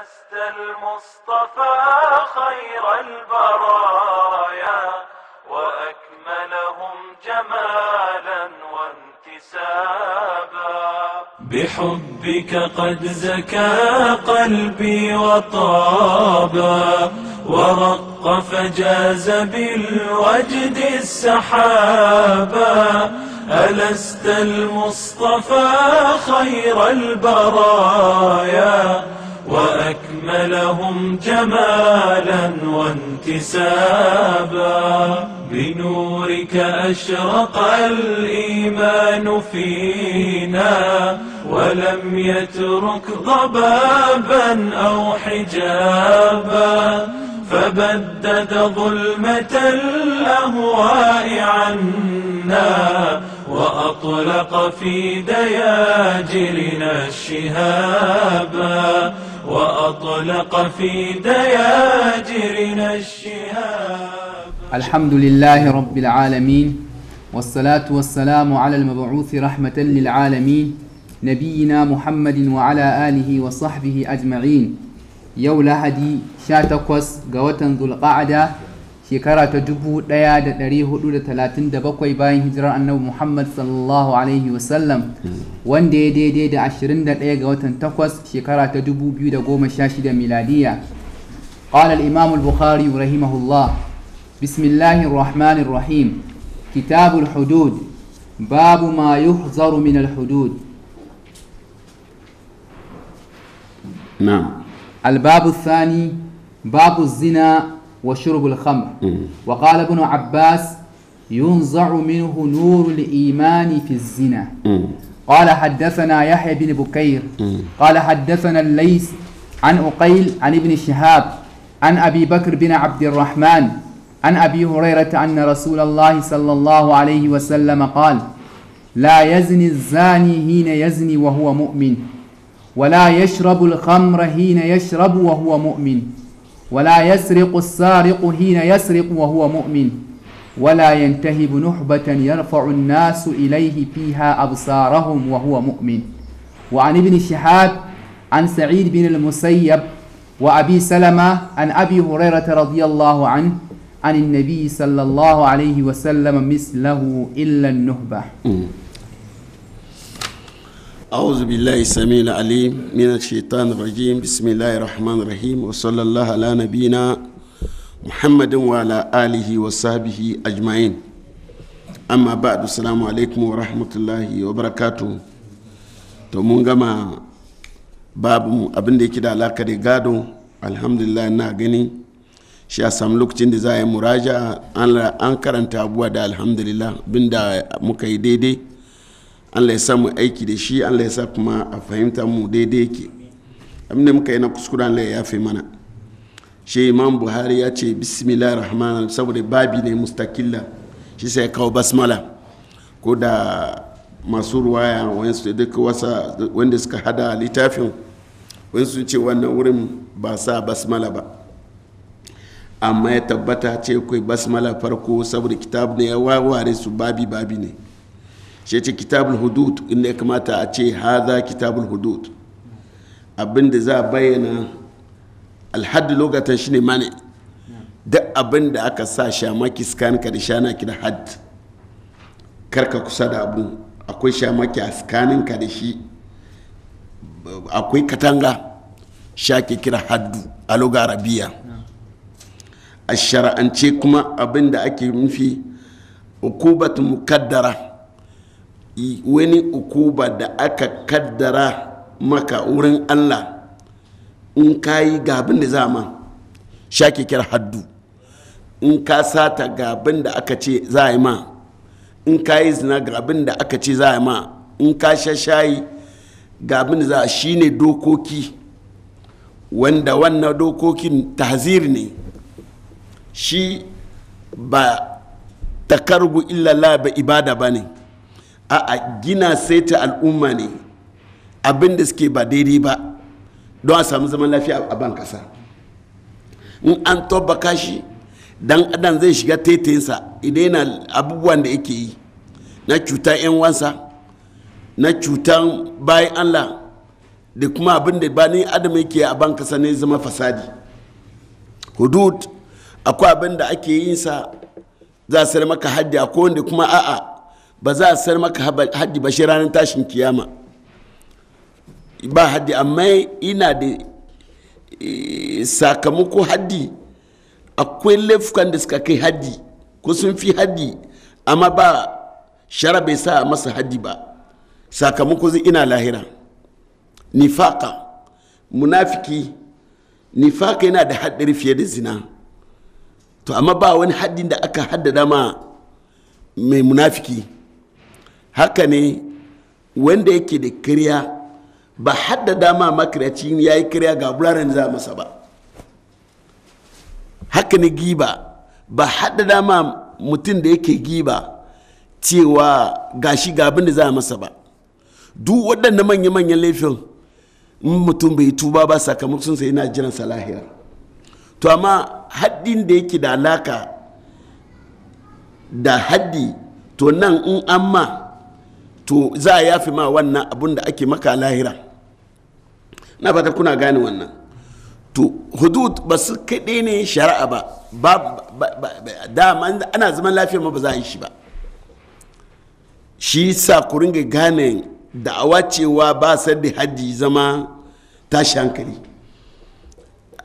لست المصطفى خير البرايا وأكملهم جمالا وانتسابا بحبك قد زكى قلبي وطابا ورق فجاز بالوجد السحابا ألست المصطفى خير البرايا وأكملهم جمالا وانتسابا بنورك أشرق الإيمان فينا ولم يترك ضبابا أو حجابا فبدد ظلمة الأهواء عنا وأطلق في دياجرنا الشهابا وأطلق في دياجرنا الشهاب الحمد لله رب العالمين والصلاة والسلام على المبعوث رحمة للعالمين نبينا محمد وعلى آله وصحبه أجمعين يولا هدي شاتقوس قوة ذو القعدة shekara ta 1437 bayan hijirar annabi Muhammad sallallahu alaihi wasallam wanda ya daidai da 21 ga watan 8 shekara ta 2016 miladiya قال الإمام البخاري رحمه الله بسم الله الرحمن الرحيم كتاب الحدود باب ما يحذر من الحدود نعم الباب الثاني باب الزنا وشرب الخمر وقال ابن عباس ينزع منه نور الإيمان في الزنا قال حدثنا يحيى بن بكير قال حدثنا الليث عن أقيل عن ابن شهاب عن أبي بكر بن عبد الرحمن عن أبي هريرة أن رسول الله صلى الله عليه وسلم قال لا يزني الزاني حين يزني وهو مؤمن ولا يشرب الخمر حين يشرب وهو مؤمن ولا يسرق السارق حين يسرق وهو مؤمن ولا ينتهب نحبة يرفع الناس إليه فيها أبصارهم وهو مؤمن وعن ابن شهاب عن سعيد بن المسيب وأبي سلمة عن أبي هريرة رضي الله عنه عن النبي صلى الله عليه وسلم مثله إلا النهبة أعوذ بالله السميع العليم من الشيطان الرجيم بسم الله الرحمن الرحيم وصلى الله على نبينا محمد وعلى آله وصحبه أجمعين أما بعد السلام عليكم ورحمة الله وبركاته mun gama babu abin da yake da gado alhamdulillah na gani shi a samu lokacin da za a yi muraja an karanta abuwa da alhamdulillah bin da muka yi daidai allah ya samu aiki da shi allah ya sa kuma a fahimta mu daidai yake abinda muka yi na kuskure allah ya yafe mana shi imam buhari ya ce bismillah rahman saboda babi ne mustakilla shi sai kawo basmala ko da masu ruwaya wanda suka hada littafin wani ce wannan wurin ba sa basmala ba amma ya tabbata ce kai basmala farko saboda kitab ne ya waware su babi babi ne shi ce kitabul hudud inda ya kamata a ce haza kitabul hudud abinda za a bayyana alhaddi lokacin shi ne mani duk abin da aka sa shamaki skanka da shanaki da hadd karka kusa da abu akwai shamaki a skaninka da shi akwai katanga shake kira haddu a lugar arabiya a shara'ance kuma abinda da ake nufi hukubat mukaddara wani ukuba da aka kaddara maka wurin allah in ka yi gabin da zama shake kira haddu in ka sata gabin da aka ce za a yi ma in ka yi zina gabin da aka ce za a yi ma in ka sha shayi gabin da za a shi ne dokoki wanda wannan dokokin tahzir ne shi ba takarbu illallah ba ibada ba ne a'a gina saita al'umma ne abin da suke ba daidai ba don a samu zaman lafiya a ban kasa in an tabbaka shi dan adam zai shiga taitayinsa idan yana abubuwan da yake yi na cuta 'yan wansa na cutan bayan allah da kuma abin da ba ni adam yake a ban kasa ne zama fasadi hudud akwai abin da ake yinsa sa za su maka hajji a kuma a'a ba za a sar maka haddi ba shi ranar tashin kiyama ba haddi amma ina da eh, sakamako haddi akwai laifukan da suka kai haddi ko sun fi haddi amma ba shara bai sa masa haddi ba sakamako zai ina lahira nifaka munafiki nifaka yana da haddari fiye da zina to amma ba wani haddin da aka haddada ma mai munafiki haka ne wanda yake da kiriya ba haddada ma makaraci ya yi kiriya ga wuraren za masa ba haka ne giba ba haddada ma mutum da yake giba cewa gashi ga abin da za masa ba duk waɗanda manya-manyan laifin in mutum bai tuba ba sakamakon sai yana jiran salahiyar to amma haddin da yake da alaka da haddi to nan in an ma to za a yafi ma wannan abun da ake maka lahira na fata kuna gane wannan to hudud ba su kaɗe ne shari'a ba ba dama ana zaman lafiya ma ba za a yi shi ba shi sa ku ringa gane da'awa cewa ba da hajji zama tashi hankali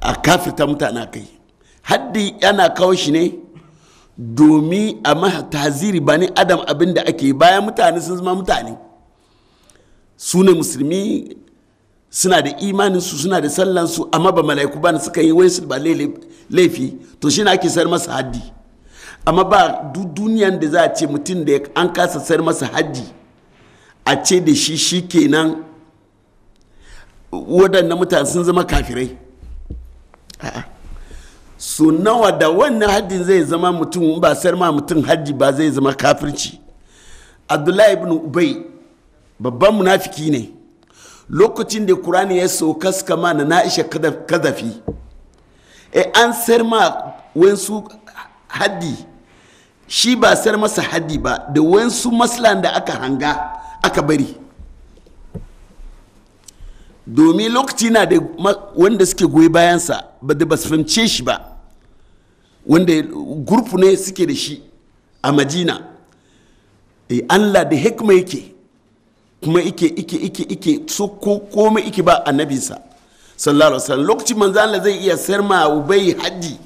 a kafirta mutane kai haddi yana kawo shi ne domin a taziri ba ne adam abin da ake bayan mutane sun zama mutane su ne musulmi suna da imaninsu suna da sallansu amma ba mala'iku ba suka yi wai su ba laifi to shi ake sayar masa haddi amma ba duk duniyan da za a ce mutum da an kasa sayar masa haddi a ce da shi shi kenan waɗannan mutane sun zama kafirai so nawa da wannan haddin zai zama mutum ba sayar ma mutum haddi ba zai zama kafirci abdullahi ibn ubai babban munafiki ne lokacin da kurani ya sauka kaska ma na na'isha kazafi e an sayar ma wansu haddi shi ba sayar masa haddi ba da wansu maslan da aka hanga aka bari domin lokaci na da wanda suke goyi bayansa ba da ba su fahimce shi ba wanda gurfu ne suke da shi a madina e allah da hikma yake kuma ike ike ike ike so ko komai ike ba annabinsa sallallahu alaihi wasallam lokacin manzo Allah zai iya sayar ma ubai haji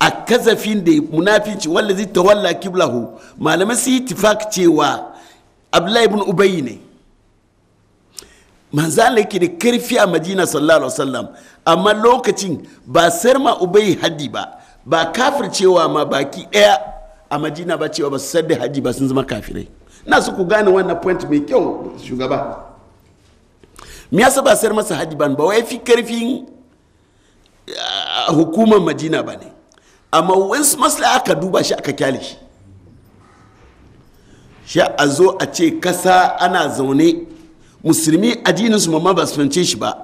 a kazafin da munafici wanda zai tawalla kiblahu malamai su yi tifak cewa abdullahi ibn ubai ne manzo Allah yake da karfi a madina sallallahu alaihi wasallam amma lokacin ba sayar ma ubai haji ba ba cewa ma baki ɗaya a madina ba cewa ba su sadda haji ba sun zama kafirai na su ku gane wannan point mai kyau shugaba me yasa ba sayar masa haji ban ba wai fi karfin ah, hukumar madina ba ne amma wasu masla aka duba shi aka kyale shi shi a zo a ce kasa ana zaune musulmi addininsu mamma ba su fance shi ba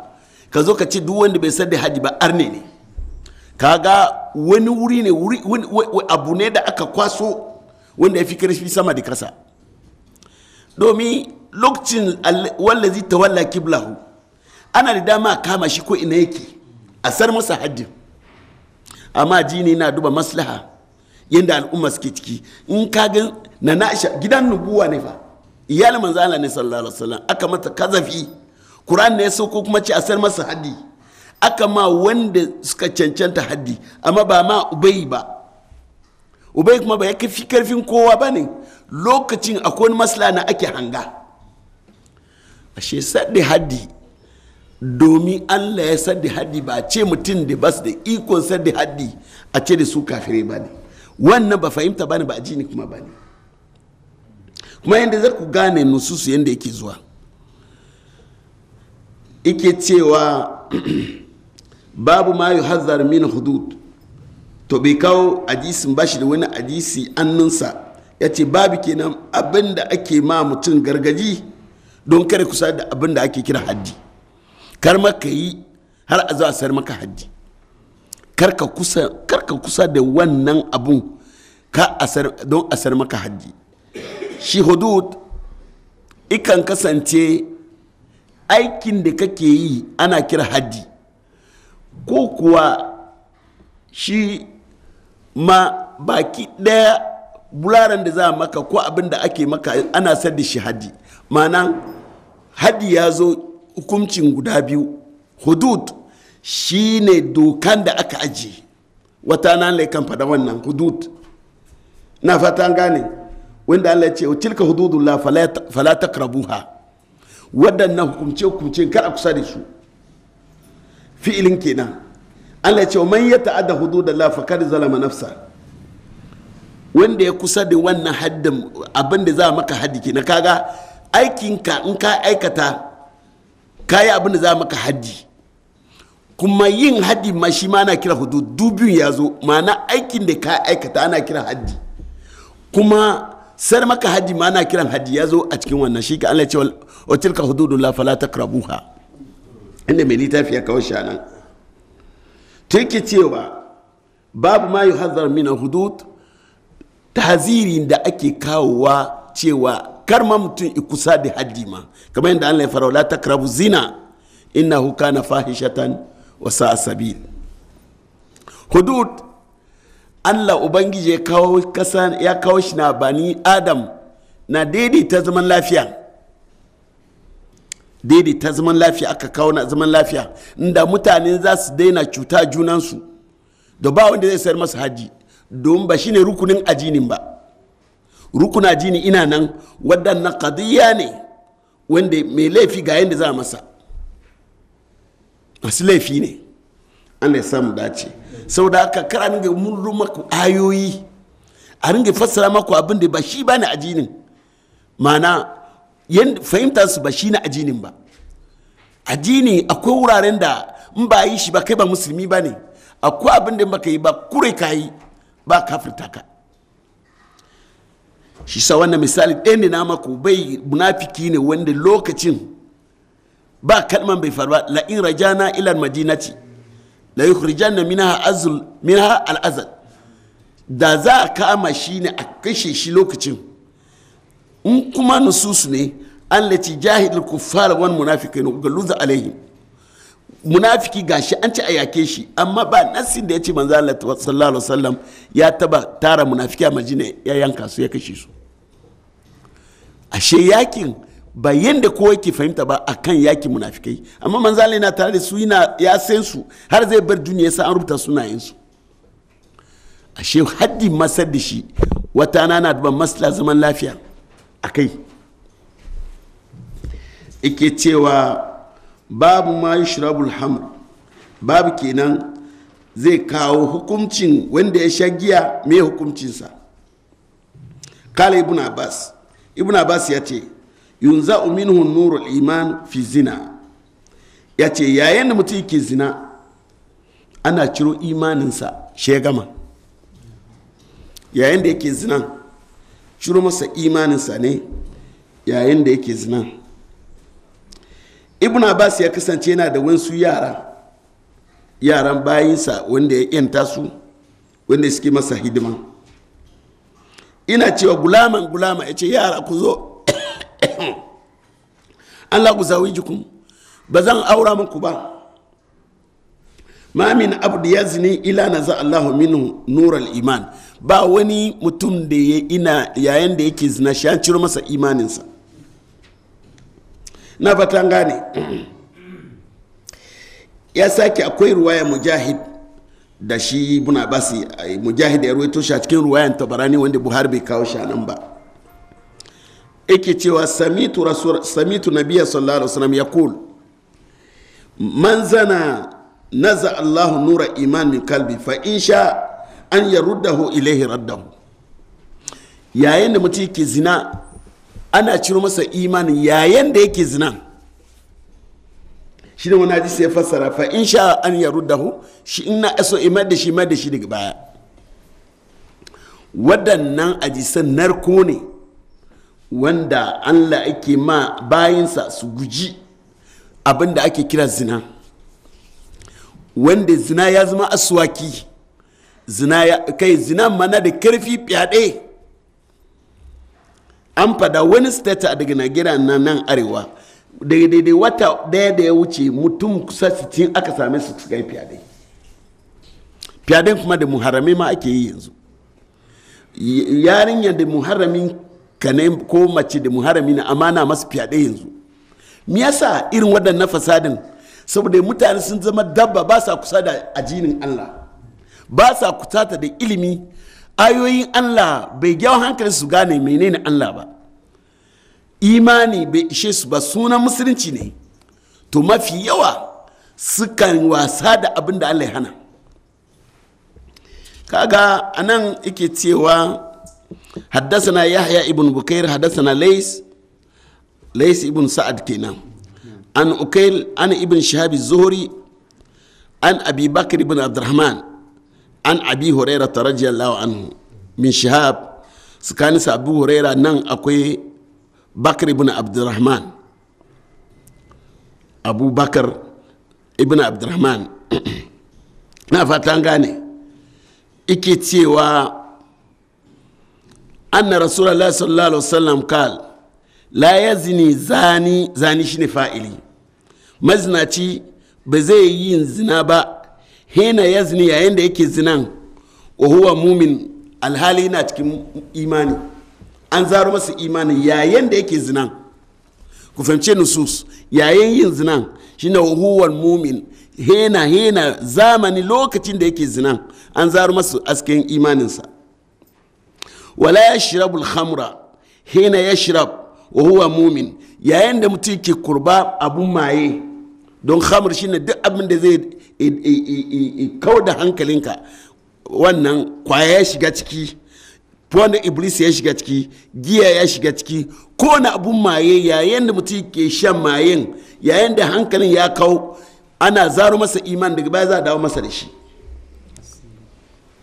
ka zo ka ce duk wanda bai sadda haji ba arne ne kaga wani wuri ne abu ne da aka kwaso wanda ya fi karfi sama da kasa domin lokacin wallazi tawalla kiblahu ana da dama kama shi ko ina yake a sar masa haddin amma jini na duba maslaha yadda al'umma suke ciki in ka gan na na'isha gidan nubuwa ne fa iyalin manzo ne sallallahu alaihi wasallam aka mata kazafi Qur'an ne ya sauko kuma ce a sar masa haddi aka ma wanda suka cancanta haddi amma ba ma ubai ba ubai kuma ba ya fi karfin kowa ba ne lokacin akwai masla na ake hanga ashe haddi domin allah ya sadde haddi ba ce mutum da bas da ikon sadde haddi a ce da su kafirai ba ne wannan ba fahimta ba ne ba ji kuma ba ne kuma yadda za ku gane nususu yadda yake zuwa yake cewa babu ma yi hazar min hudud to bai kawo ajisin bashi da wani ajisi annunsa ya ce babu kenan abin da ake ma mutum gargaji don kare kusa da abin da ake kira haddi kar maka yi har a zuwa sayar maka haddi kar ka kusa, da wannan abun ka asar, don a sayar maka haddi shi hudud ikan kasance aikin da kake yi ana kira haddi ko kuwa shi ma baki ɗaya bularan da za a maka ko abin da ake maka ana sadda shi hadi ma'ana hadi ya zo hukuncin guda biyu hudud shi ne dokan da aka aji wata na Allah kan fada wannan hudud na fatan gane wanda Allah ya ce tilka hududullah fala takrabuha waɗannan hukumce hukumce kar a kusa da su fi'ilin kenan Allah ya ce man ya ta'adda fa kad zalama nafsa wanda ya kusa da wannan haddin abin da za maka haddi kenan kaga aikinka in ka aikata kayi abin da za maka haddi kuma yin haddi ma shi ma ana kira hudud dubin ya zo ma'ana aikin da ka aikata ana kira haddi kuma sar maka haddi ma ana kiran haddi ya zo a cikin wannan shi ka Allah ya ce wa tilka hududullah fala takrabuha inda mai nita fiye kawo shanan ta yake cewa babu ma yuhazar min hudud tahzirin da ake kawowa cewa kar ma mutum ikusa da haddi ma kamar yadda an ya fara ta takrabu zina huka na fahishatan wa sa'a hudud Allah ubangiji ya ya kawo shi na bani adam na daidaita zaman lafiya ta zaman lafiya aka kawo na zaman lafiya inda mutane za su daina cuta junansu da ba wanda zai sayar masa haji don ba shine rukunin ajinin ba rukunin ajini ina nan waɗannan kadiyya ne wanda mai laifi ga yadda za a masa masu laifi ne ana samu dace sau da aka kara ga murru maku ayoyi a ringa fassara maku abin da ba shi ba ne ajinin mana fahimtar su ba shi na ajinin ba ajini akwai wuraren da in ba yi shi ba kai ba musulmi ba ne akwai abin da baka yi ba kure ka yi ba kafirta ka shi sa wannan misali ɗaya ne na mako bai munafiki ne wanda lokacin ba kalman bai faru ba la rajana ila madinati la yi hurjan na minaha al'azal da za a kama shi ne a kashe shi lokacin in kuma nususu ne fara wani munafiki ne ga galuza alaihim munafiki gashi an ci a yake shi amma ba nasi da ya ce manzo Allah sallallahu alaihi wasallam ya taba tara munafiki a majina ya yanka su ya kashe su ashe yakin ba yanda kowa yake fahimta ba akan yakin munafikai amma manzo Allah yana tare da su yana ya san su har zai bar duniya sai an rubuta sunayen su ashe haddi masar da shi wata na da da masla zaman lafiya a kai ike cewa babu ma shirabul hamur babu kenan zai kawo hukuncin wanda ya sha giya mai hukuncinsa kala ibn abbas ibn abbas ya ce yunza minhu nurul iman fi zina ya ce yayin da mutum ke zina ana ciro imaninsa shi ya gama yayin da yake zina. ciro masa imaninsa ne yayin da yake zina ibn abbas ya kasance yana da wasu yara yaran bayinsa wanda ya yanta su wanda suke masa hidima ina cewa gulaman gulama ya ce yara ku zo allah ku zawi jikun ba zan aura muku ba ma min abdu ya zini ila na za allahu minu nural iman ba wani mutum da ya ina yayin da yake zina shi an ciro masa imaninsa na fatan gane ya sake akwai ruwaya mujahid da shi buna basi eh, mujahid ya ruwaito shi a cikin ruwayan tabarani wanda buhari bai kawo shi nan ba yake cewa samitu rasul samitu nabiyya sallallahu alaihi wasallam yaqul man zana naza Allahu nura imanin kalbi fa in sha an ya ruddahu ilaihi raddahu yayin da mutum ke zina ana ciro masa imanin yayin da yake zina shi ne wani hadisi ya fassara fa in sha an ya ruddahu shi na aso imar da shi imar da shi daga baya waɗannan ajisan narko ne wanda allah ake ma bayansa su guji abin da ake kira zina wanda zina ya zama aswaki zina kai zina mana da karfi fyaɗe an fada wani state daga nigeria na nan arewa daidai wata daya da ya wuce mutum kusa 60 aka same su ka yi fyaɗe kuma da muharami ma ake yi yanzu yarinya da muharami kane ko mace da muharami na amana masu fyaɗe yanzu me yasa irin waɗannan fasadin saboda mutane sun zama dabba ba sa kusa da ajinin allah ba sa kutata da ilimi ayoyin allah bai gyawa hankali su gane menene allah ba imani bai ishe su ba sunan musulunci ne to mafi yawa sukan wasa da abin da allah ya hana kaga anan yake cewa haddasana yahya ibn bukair haddasana lais lais ibn sa'ad kenan an ukail an ibn shahab zuhuri an abi bakr ibn abdurrahman an abi huraira ta radiyallahu anhu min shihab tsakanin sa abu huraira nan akwai bakar ibn abdurrahman abu bakar ibn abdurrahman na fatan gane ike cewa anna rasulallah sallallahu alaihi wasallam kal la yazni zani zani shine fa'ili mazinaci ba zai yi zina ba ya yazni yayin da yake zinan wa huwa mumin alhali yana cikin imani an zaro masa imani yayin da yake zinan ku fahimce nusus yayin yin zinan shine huwa mumin hena hena zamani lokacin da yake zinan an zaro masa asken imaninsa wala yashrabul khamra hena yashrab wa huwa mumin yayin da mutum ke kurba abun maye don khamr shine duk abin da zai kau da hankalinka wannan kwaya ya shiga ciki wanda iblis ya shiga ciki giya ya shiga ciki ko na abun maye yayin da mutum ke shan mayen yayin da hankalin ya kau ana zaro masa iman daga baya za a dawo masa da shi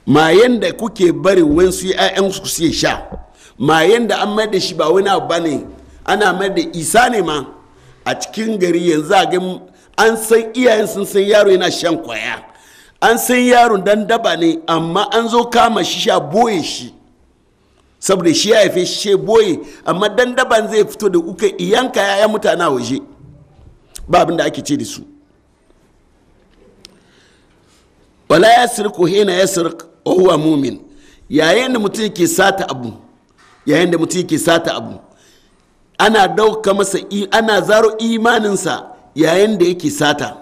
mayen da kuke bari wansu yan su su sha mayen da an mai da shi ba wani abu bane ana mai da isa ne ma a cikin gari yanzu a an san iyayen sun san yaro yana shan kwaya an san yaron dan daba ne amma an zo kama shi sha boye shi saboda shi ya haife shi boye amma dan daban zai fito da uka iyanka ya mutane a waje ba abin da ake ce da su wala ya sirku hina ya sirk huwa mumin yayin da mutum ke sata abu yayin da mutum ke sata abu ana dauka masa ana zaro imaninsa yayin da yake sata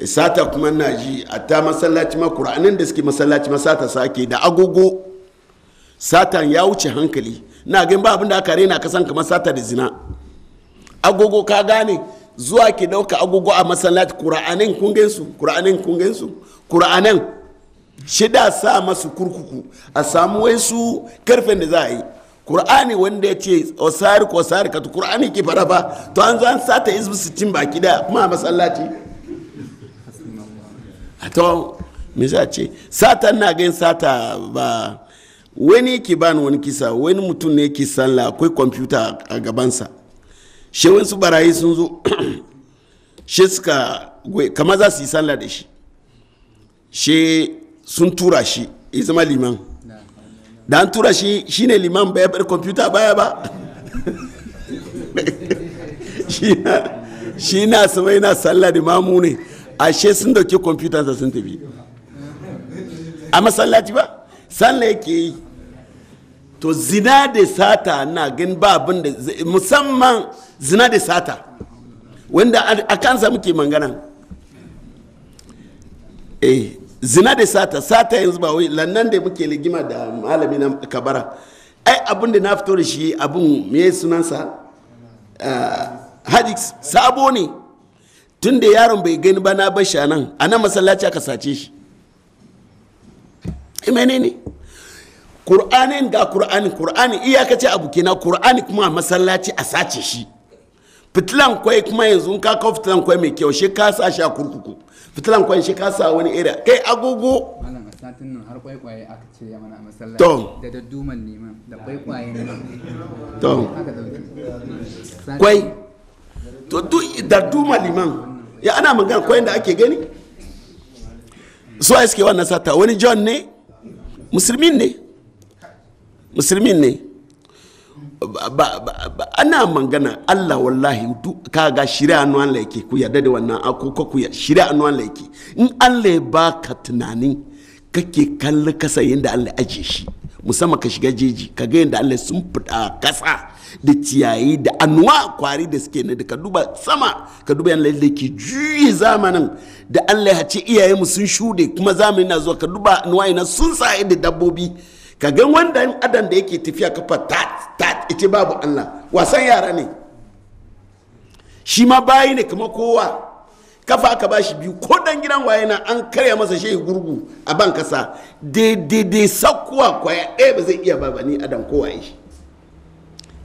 eh, sata kuma na ji a ta masallaci ma da suke masallaci masata sake da agogo satan ya wuce hankali na gan ba abin da aka rena kasan kamar sata da zina agogo ka gane zuwa ke dauka agogo a masallaci kur'anin kungensu kur'anin kungensu kur'anin shida sa masu kurkuku a samu wai su karfen da za a yi qur'ani wanda ya ce osari ko osari ka qur'ani ki fara ba to an zan sata izbi su cin baki da kuma masallaci to me za ce sata na gain sata ba wani ki bani wani kisa wani mutum ne ki sanla akwai kwamfuta a gabansa shi su barayi sun zo shi suka kama za su yi sanla da shi shi sun tura shi ya liman da an tura shi shine liman bai bar kwamfuta baya ba shi na sama yana sallah da mamu ne ashe sun dauke sa sun tafi a masallaci ba sallah yake yi to zina da sata na gan ba abin da musamman zina da sata wanda a kansa muke mangana eh zina da sata sata yanzu ba wai lannan da muke ligima da malami na kabara ai abin da na fito da shi abin me sunansa ah, hadis sabo ne tun da yaron bai gani ba na bashi a nan a nan masallaci aka sace shi imene eh, ne kur'anin ga kur'anin kur'ani iyakace abu kenan kur'ani kuma a masallaci a sace shi fitilan kwai kuma yanzu ka kawo fitilan kwai mai kyau shi ka sa shi a kurkuku fitilan kwanshi ka sa wani area kai agogo malam a satin nan da neman da liman ya ana magana da ake gani su a iske wannan sata wani john ne musulmin ne musulmin ne ana mangana Allah wallahi ka ga shirya anu laiki ku yarda da wannan akoko ku shirya anu laiki in Allah ya ka tunanin kake kalli kasa yadda Allah aje shi musamman ka shiga jeji ka ga yadda Allah sun fita kasa da ciyayi da anuwa kwari da suke ne da ka duba sama ka duba yadda Allah ke juyi zamanin da Allah ya ce iyayenmu sun shude kuma zamanin na zuwa ka duba anuwa ina sun sa'i da dabbobi ka gan wanda adam da yake tafiya kafa tat tat ita babu allah wasan yara ne shi ma bayi ne kama kowa kafa aka bashi biyu ko dan gidan waye na an karya masa shehi gurgu a ban kasa daidai sakkuwa kwaya ɗaya ba zai iya ba ni adam kowa shi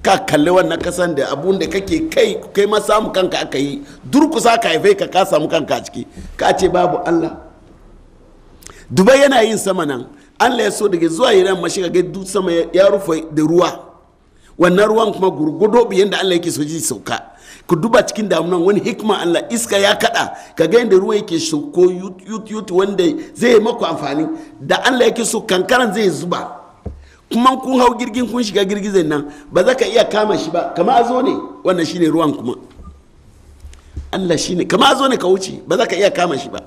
ka kalli wannan kasan da abun da kake kai kai ma samu kanka aka yi durkusa ka haife ka ka samu kanka a ciki ka ce babu allah dubai yana yin sama nan allah ya so daga zuwa iran ma ga duk sama ya rufe da ruwa wannan ruwan kuma gurgudo biyan da allah yake so ji sauka ku duba cikin damunan wani hikma allah iska ya kada ka ga yadda ruwa yake sauko yut yut wanda zai maku amfani da allah yake so kankaran zai zuba kuma kun hau girgin kun shiga girgizan nan ba za ka iya kama shi ba kama zo ne wannan shine ruwan kuma allah shine kama zo ne ka wuce ba za ka iya kama shi ba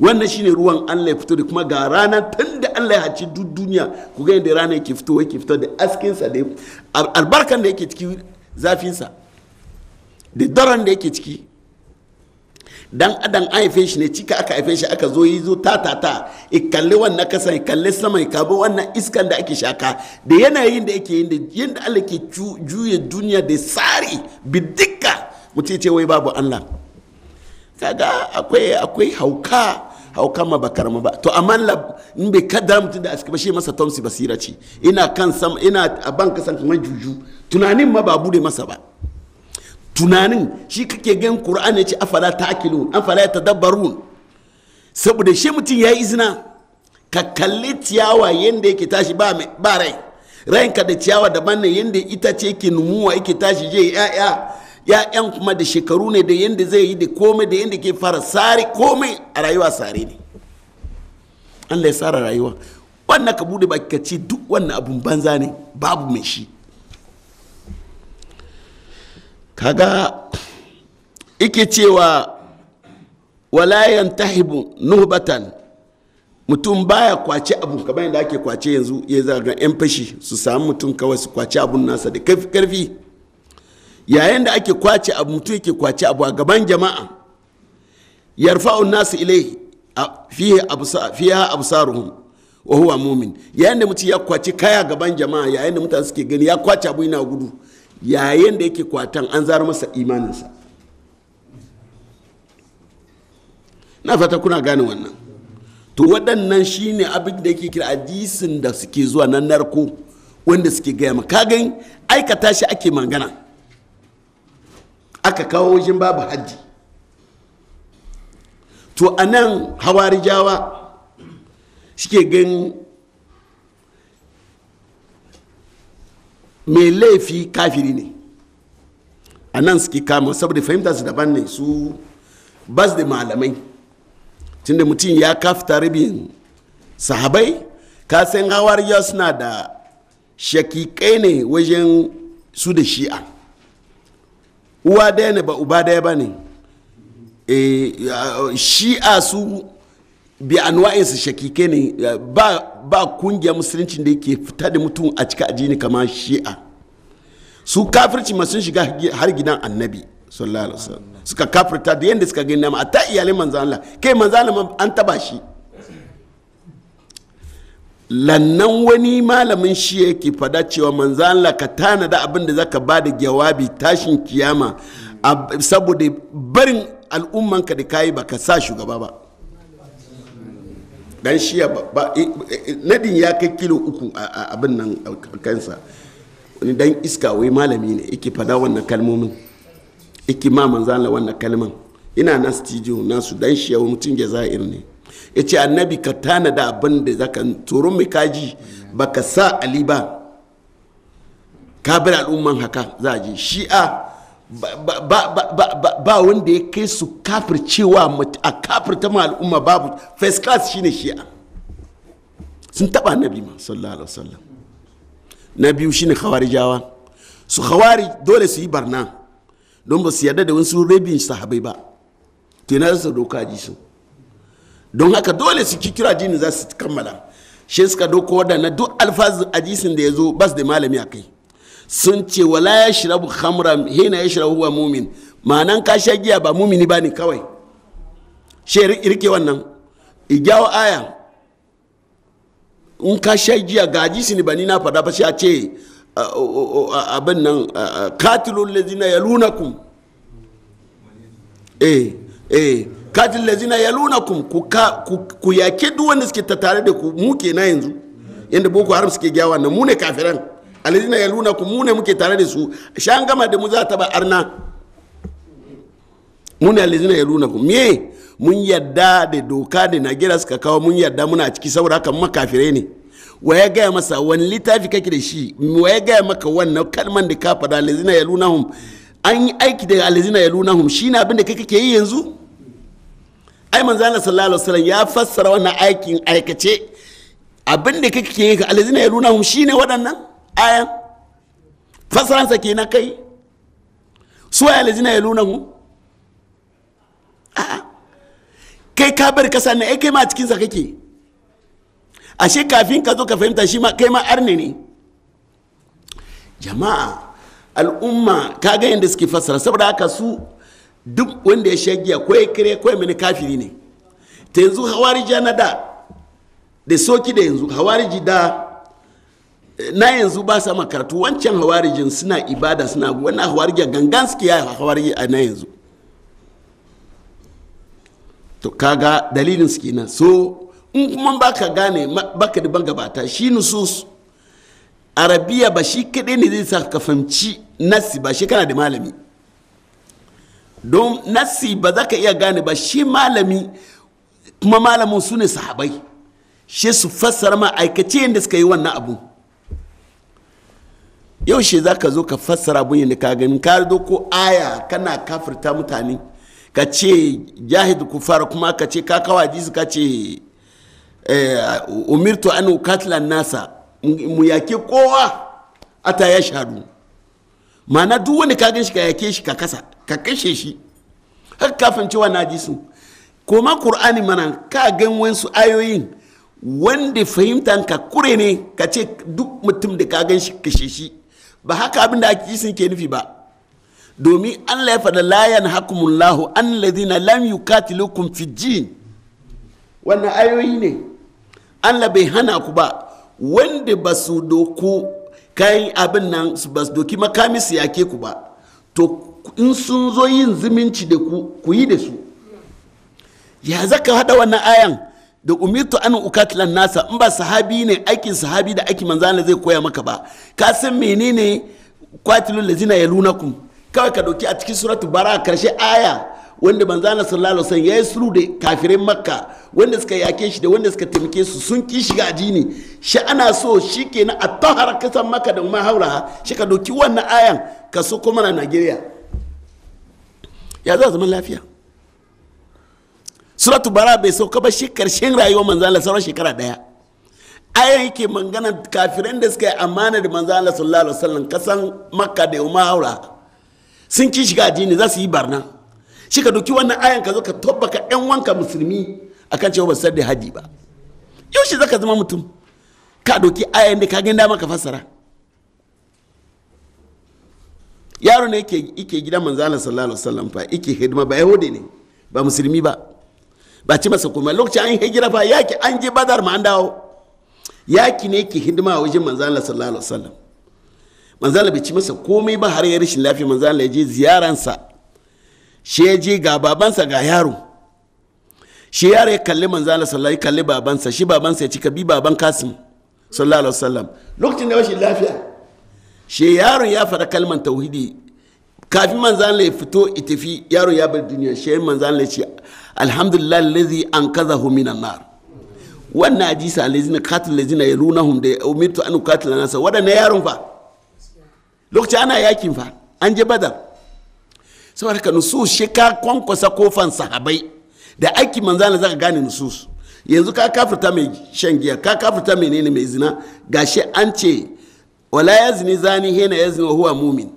wannan shine ruwan allah ya fito da kuma ga ranar tun da allah ya haci duk duniya ku ga yadda rana yake fito yake fito da askinsa da albarkan da yake ciki zafinsa da daren da yake ciki dan adam an haife shi ne cika aka haife shi aka zo yi zo ta ta ta i kalli wannan kasa i kalli sama i kabo wannan iskan da ake shaka da yanayin da yake yin da yadda allah ke juye duniya da tsari bidikka mutum ce wai babu allah kaga akwai akwai hauka hauka ma ba karama ba to amma in bai kada mutum da aski ba shi masa tomsi basira ce ina kan sam ina a ban kasan kamar juju tunanin ma ba bude masa ba tunanin shi kake gan qur'ani ce afala ta'qilun afala tadabbarun saboda shi mutum yayi izina ka kalli ciyawa yanda yake tashi ba ba rai ranka da ciyawa daban ne yanda ita ce ke numuwa yake tashi je ya'ya ya'yan kuma da shekaru ne da yadda zai yi da komai da yadda ke fara sare komai a rayuwa sare ne allah ya tsara rayuwa wannan ka bude baki ka ce duk wannan abun banza ne babu mai shi kaga ike cewa walayan tahibu nuhbatan mutum baya kwace abu kamar yadda ake kwace yanzu ya zaga yan fashi su samu mutum kawai su kwace abun nasa da karfi yayin da ake kwace abu mutum yake kwace abu a gaban jama'a yarfa'u nasu ilai fiye abu absaruhum wa huwa mumin yayin da mutum ya kwace kaya gaban jama'a yayin da mutane suke gani ya kwace abu yana gudu yayin da yake kwatan an zara masa imaninsa na fata kuna gane wannan to waɗannan shine abin da yake kira hadisin da suke zuwa na narko wanda suke gaya ma kagan aikata shi ake magana aka kawo wajen babu hajji to a nan hawarijawa suke gan mai laifi kafiri ne a nan suke kama saboda fahimta su daban ne su bas su da malamai tunda mutum ya kafta rabin sahabai ka kasan jawa suna da shakikai ne wajen su da shi'a uwa daya ne ba uba daya ba ne eh, shi'a su bi anwa'insu shakike ne ba kungiyar musulunci da yake fita da mutum a cika ajini kama shi'a su kafirci masu shiga har gidan annabi sallallahu alaihi wasallam suka kafirta da yadda suka gina nama ta iyalin manzo Allah kai manzo Allah an taba shi lannan wani malamin shi yake fada cewa manzo Allah ka tanada abin da zaka ba da jawabi tashin kiyama saboda barin al'ummanka da kayi ba ka sa shugaba ba dan shi ba nadin ya kai kilo uku a abin nan kansa wani dan iska wai malami ne yake fada wannan kalmomin yake ma manzo Allah wannan kalman ina nan studio nasu dan shi ya mutum jazair ne ya ce annabi ka tana da abin da za tsoron mai kaji ba ka sa ali ba ka bar al'umman haka za a ji shi'a ba wanda ya kai su kafir cewa a kafir ta al'umma babu first class shine shi'a sun taba annabi ma sallallahu alaihi wasallam na biyu shine khawarijawa su khawari dole su yi barna don ba su yarda da wasu rabin sahabai ba to su doka ji don haka dole su ki kira dini za su kammala shi suka doko waɗannan duk alfazin hadisin da ya zo bas da malami a kai sun ce wala ya shirabu hamra hina ya shirabu wa mumin ma'anan ka sha giya ba mumini ba ne kawai shi rike wannan igyawa aya in ka sha giya ga hadisi ne ba ni na faɗa ba shi a ce abin nan katilun lazina yalunakum eh eh katil lazina yalunakum ku ku yake duk wanda suke tattare da ku mu na yanzu yadda boko haram suke gyawa nan mu ne kafiran alladina yalunakum mu ne muke tare da su an gama da mu za ta ba arna mu ne luna kum me mun yadda da doka da gira suka kawo mun yadda muna ciki saboda haka kafirai ne waye gaya masa wani littafi kake da shi waye gaya maka wannan kalman da ka faɗa luna kum an yi aiki da alladina shi ne abin da kake yi yanzu ai manzo manzana sallallahu alaihi wasallam ya fassara wannan aikin aikace abin da kake yi ga alazina ya runa nuna shine waɗannan ayan fassaransa ke na kai su ya alazina ya nuna kai ka bar kasa na ai kai ma cikin sa kake ashe kafin ka zo ka fahimta shi ma kai ma arne ne jama'a al'umma kaga yadda suke fassara saboda haka su duk wanda ya shagiya ko ya kire ko ya mini kafiri ne ta yanzu hawarija na da da soki da yanzu hawariji da na yanzu ba sa makaratu wancan hawarijin suna ibada suna wannan hawarija gangan suke ya hawariji a na yanzu to kaga dalilin su na so in kuma ba ka gane baka da gabata shi nusus arabiya ba shi kaɗai ne zai sa ka fahimci nasi ba shi kana da malami don nasi ba za ka iya gane ba shi malami kuma malamin su ne sahabai shi su fassara ma aikace yadda suka yi wannan abu yau shi za ka zo ka fassara abun yadda ka gani ka zo ko aya kana kafirta mutane ka ce jahid fara kuma ka ce ka kawa jisu ka ce eh, umirtu an katlan nasa mu yake kowa a ta ya shaɗu ma'ana duk wani ka gan shi ka yake shi ka kasa ka kashe shi har kafin cewa na ji su koma kur'ani mana ka gan wasu ayoyin wanda fahimtan ka kure ne ka ce duk mutum da ka gan shi kashe shi ba haka abin da ake sun ke nufi ba domin an ya faɗa layan lahu an ladina lam yukatilukum fi jin wannan ayoyi ne Allah bai hana ku ba wanda ba su doku kayan abin nan ba su doki makami su yake ku ba to in sun zo yin zumunci da ku yi da su ya zaka hada wannan ayan da umirtu an ukatilan nasa in ba sahabi ne aikin sahabi da aiki manzana zai koya maka ba ka san menene kwatilun lazina yalunakum kawai ka dauki a cikin suratu bara karshe aya wanda manzana sallallahu alaihi wasallam yayi suru da kafirin makka wanda suka yake shi da wanda suka taimake su sun ki shiga addini shi ana so shi kenan a tahara kasan maka da ma haura shi ka doki wannan ayan ka so kuma na Najeriya ya za zaman lafiya suratu bara bai sauka ba shi karshen manzan Allah sauran shekara daya ayan yake mangana kafiran da suka yi amana da manzan Allah sallallahu alaihi wasallam kasan makka da haura sun ci shiga addini za su yi barna shi ka doki wannan ayan ka zo ka tabbaka yan wanka musulmi akan cewa ba su da haji ba yau shi zaka zama mutum ka doki ayan da ka gani dama ka fassara yaro ne yake gidan manzalan sallallahu alaihi wasallam fa yake hidima ba yahudi ne ba musulmi ba ba ci masa kuma lokacin an hijira fa yaki an je badar ma an dawo yaki ne yake hidima a wajen manzalan sallallahu alaihi wasallam manzala bai ci masa komai ba har ya rashin lafiya manzala ya je ziyaransa shi ya je ga babansa ga yaro shi yaro ya kalli manzala sallallahu ya kalli babansa shi babansa ya ci ka bi baban kasim sallallahu alaihi wasallam lokacin da rashin lafiya she yaron ya faɗa kalman tauhidi kafin manzan Allah ya fito itafi yaron ya bar duniya she manzan Allah ya ce alhamdulillah allazi ankazahu minan nar wannan hadisi na qatil allazina yarunahum da umirtu an na nasa wadannan yaron fa lokacin ana yakin fa an je badar saboda ka nusus shi ka kwankwasa kofan sahabai da aiki manzan Allah zaka gane nusus yanzu ka kafirta mai shan giya ka kafirta menene mai zina gashi an ce wala zini zani hena ya zini huwa mumin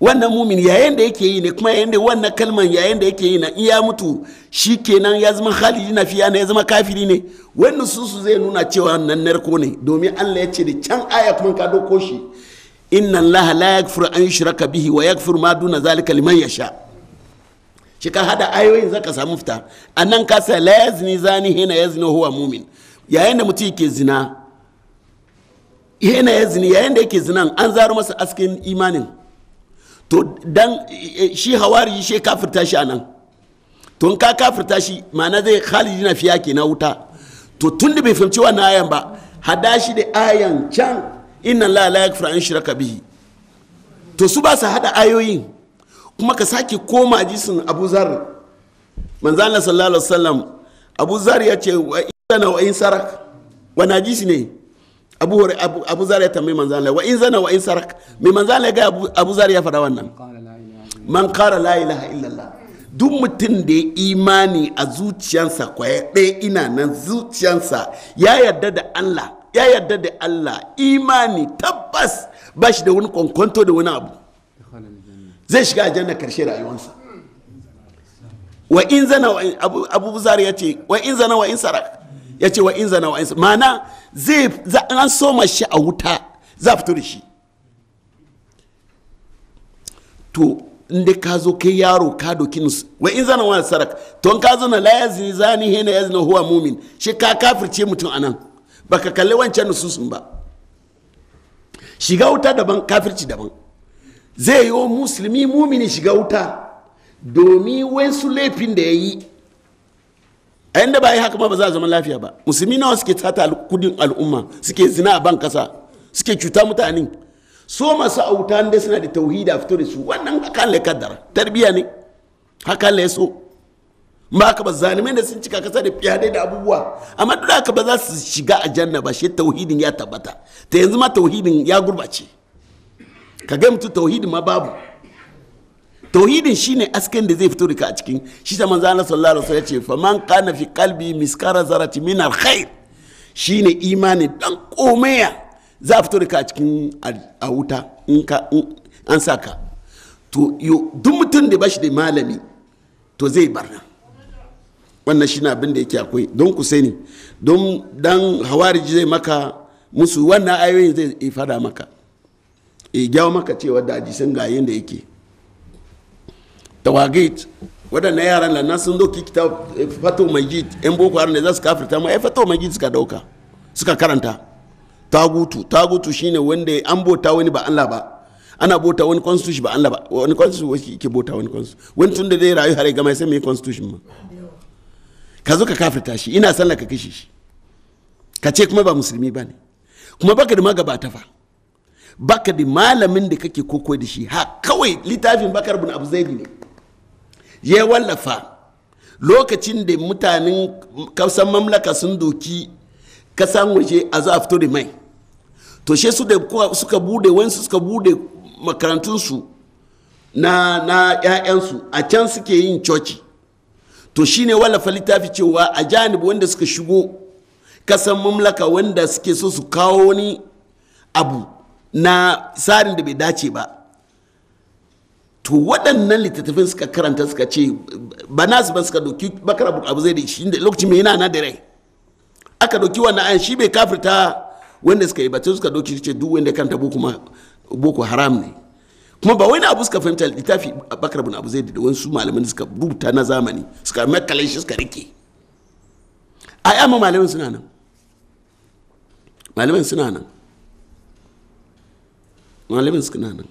wannan mumin yayin da yake yi ne kuma yayin da wannan kalman yayin da yake yi na iya mutu shi kenan ya zama khalidi na fiya na ya zama kafiri ne wannan su zai nuna cewa nan narko ne domin Allah ya ce da can aya kuma ka doko shi inna Allah la yaghfiru an yushraka bihi wa yaghfiru ma duna zalika liman yasha shi ka hada ayoyin zaka samu fita a ka sa la yazni zani hina yazni huwa mumin yayin da mutum yake zina yana ya zini yayin da yake zinan an zaro masa askin imanin to dan eh, shi hawari shi kafirta shi anan to in ka kafirta shi ma'ana zai khalidi na fiya ke na wuta to tun da bai fahimci wannan ayan ba hada shi da ayan can inna la la yakfur an shiraka bihi to su ba su hada ayoyin kuma ka sake koma hadisin Abu Zar manzo Allah sallallahu alaihi wasallam Abu Zar ya ce wa inna wa in sarak wa najis ne abu hore abu, abu zar ya tambayi manzo Allah wa in zana wa in sarak mai manzo Allah ga abu, abu zar ya faɗa wannan man qala la ilaha illallah duk mutum da ya imani a zuciyansa kwaya ɗaya ina nan zuciyansa ya yarda da Allah ya yarda da Allah imani tabbas ba shi da wani kwankwanto da wani abu zai shiga aljanna karshe rayuwarsa wa in zana wa in abu, abu zar ya ce wa in zana wa in sarak ya ce wa in zana wa insa mana zai an soma shi a wuta za fito da shi to inda ka zo kai yaro ka doki nus wa in zana wani sarak to ka zo na la yazni zani ya zina huwa mumin shi ka kafirce mutum ba ka kalli wancan nususun ba shiga wuta daban kafirci daban zai yi wa musulmi mumini shiga wuta domin wasu laifin da ya yi a yanda ba yi haka ma ba za a zama lafiya ba musulmi nawa suke tata kudin al'umma suke zina a ban kasa suke cuta mutane so masu auta da suna da tauhida fito da su wannan haka Allah ya kaddara tarbiya ne haka Allah ya so ba haka ba zalimai da sun cika kasa da fiyade da abubuwa amma duk haka ba za su shiga aljanna ba shi tauhidin ya tabbata ta yanzu ma tauhidin ya gurbace ka ga mutu tauhidin ma babu tauhidin shine asken da zai fito daga a cikin shi da manzo Allah sallallahu alaihi wasallam ya ce faman kana fi qalbi miskara zarati min alkhair shine imani dan komeya za fito daga ka a cikin a wuta in ka an saka to duk mutum da bashi da malami to zai barna wannan shi na abin da yake akwai don ku sani don dan hawariji zai maka musu wannan ayoyin zai fada maka e gyawa maka cewa da sun ga yadda yake tawagit waɗannan yaran lannan sun doki kitab eh, fato majid yan boko haram da za su kafirta ma ya fato majid suka dauka suka karanta tagutu tagutu shine wanda an bota wani ba Allah ba ana bota wani constitution ba Allah ba wani constitution ke bota wani constitution wani tun da zai rayu har ya gama sai mai constitution ma ka zo ka kafirta shi ina sallah ka kishi shi ka ce kuma ba musulmi ba ne kuma baka da ta fa baka da malamin da kake kokoi da shi ha kawai littafin bakar bin abu zaidi ne ya wallafa lokacin da mutanen kasan mamlaka sun doki kasan waje a za a fito da mai to she su da suka bude wani suka bude makarantunsu na na ƴaƴansu a can suke yin coci to shine wallafa littafi cewa a janibi wanda suka shigo kasan mamlaka wanda suke so su kawo wani abu na tsarin da bai dace ba to waɗannan littattafin suka karanta suka ce ba nasu ba suka doki bakar abu zai da shi lokacin mai yana na da rai aka doki wannan ayan shi bai kafirta wanda suka yi ba suka doki ce duk wanda kanta boko haram ne kuma ba wani abu suka fahimta littafi bakar abu zai da su malamin suka rubuta na zamani suka makale shi suka rike a yamma malamin suna nan malamin suna nan malamin suna nan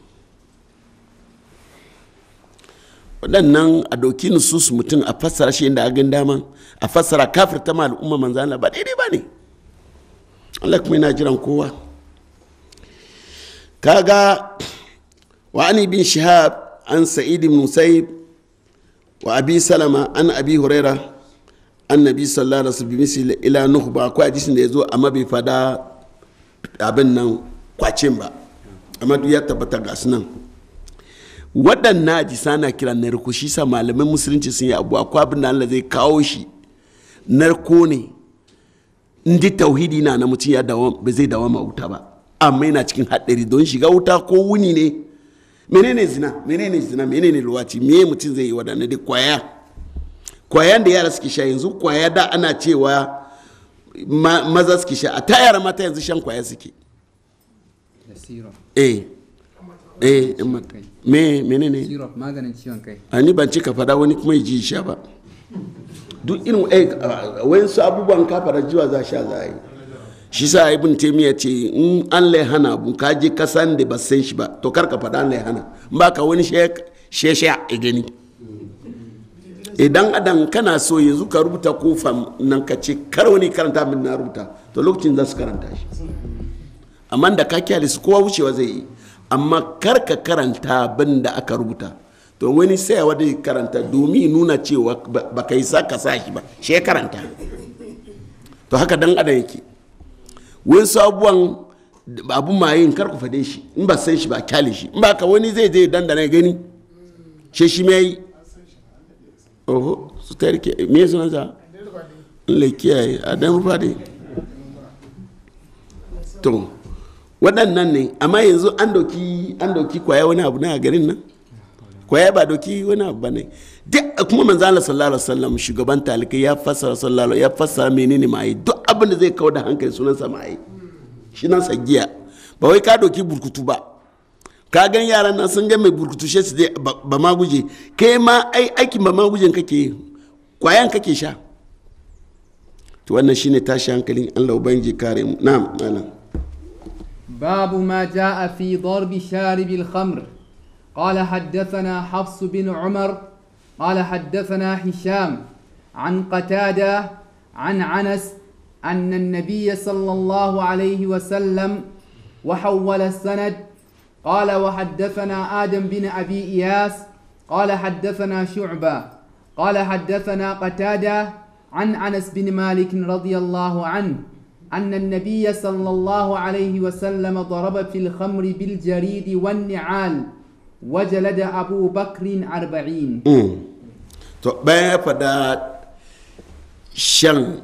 waɗannan a ɗauki nusus mutum a fassara shi inda agin dama a fassara kafir ta al'umma manzo Allah ba daidai ba ne Allah kuma yana jiran kowa kaga wa ani bin shihab an sa'id ibn musayib wa abi salama an abi huraira nabi sallallahu alaihi wasallam misli ila nuh ba hadisin da yazo amma bai fada abin nan kwacin ba amma duk ya tabbata ga sunan waɗannan ajisa na kira narko shi sa malamin musulunci sun yi abu akwai abin da Allah zai kawo shi narko ne indi tauhidi na na mutum ya ba zai ma wuta ba amma yana cikin haɗari don shiga wuta ko wuni ne menene zina menene zina menene luwaci me mutum zai yi waɗanne da kwaya kwayan da yara suke sha yanzu kwaya da ana cewa maza suke sha a ta yara mata yanzu shan kwaya suke eh eh me mene ne a ni ban fada wani kuma ya ji sha ba duk irin eh, wayan su abubuwan ka fara jiwa za sha za yi shi sa ibn taymiya ce in an lai hana bu ka je kasan da ba san shi ba to kar ka fada an lai hana ba ka wani she she a gani idan adam kana so yanzu ka rubuta kofa nan ka ce kar wani karanta min na rubuta to lokacin za su karanta shi amma da ka kyale su kowa wucewa zai yi amma kar ka karanta abin da aka rubuta to wani sai wada karanta domin nuna cewa ba ka sa ka sa shi ba shi ya karanta to haka dan adam yake wani sabuwan abu mayin kar ku fade shi in ba san shi ba kyale shi in ba ka wani zai je dandana gani shi shi mai oho su ta rike me suna sa in lai kiyaye a dan rufa to waɗannan ne amma yanzu an doki an doki kwaya wani abu na garin nan kwaya ba doki wani abu bane duk kuma manzo Allah sallallahu alaihi wasallam shugaban talikai ya fassara sallallahu ya fassara menene mai duk abin da zai kawo da hankali sunan sa mai shi nan sagiya ba wai ka doki burkutu ba ka gan yaran nan sun ga mai burkutu shi su ba ma guje kai ma ai aikin ba ma gujen kake kwayan kake sha to wannan shine tashi hankalin Allah ubangiji kare mu na'am malam باب ما جاء في ضرب شارب الخمر قال حدثنا حفص بن عمر قال حدثنا هشام عن قتاده عن عنس ان النبي صلى الله عليه وسلم وحول السند قال وحدثنا ادم بن ابي اياس قال حدثنا شعبه قال حدثنا قتاده عن انس بن مالك رضي الله عنه أن النبي صلى الله عليه وسلم ضرب في الخمر بالجريد والنعال وجلد أبو بكر أربعين to bayan ya faɗa shan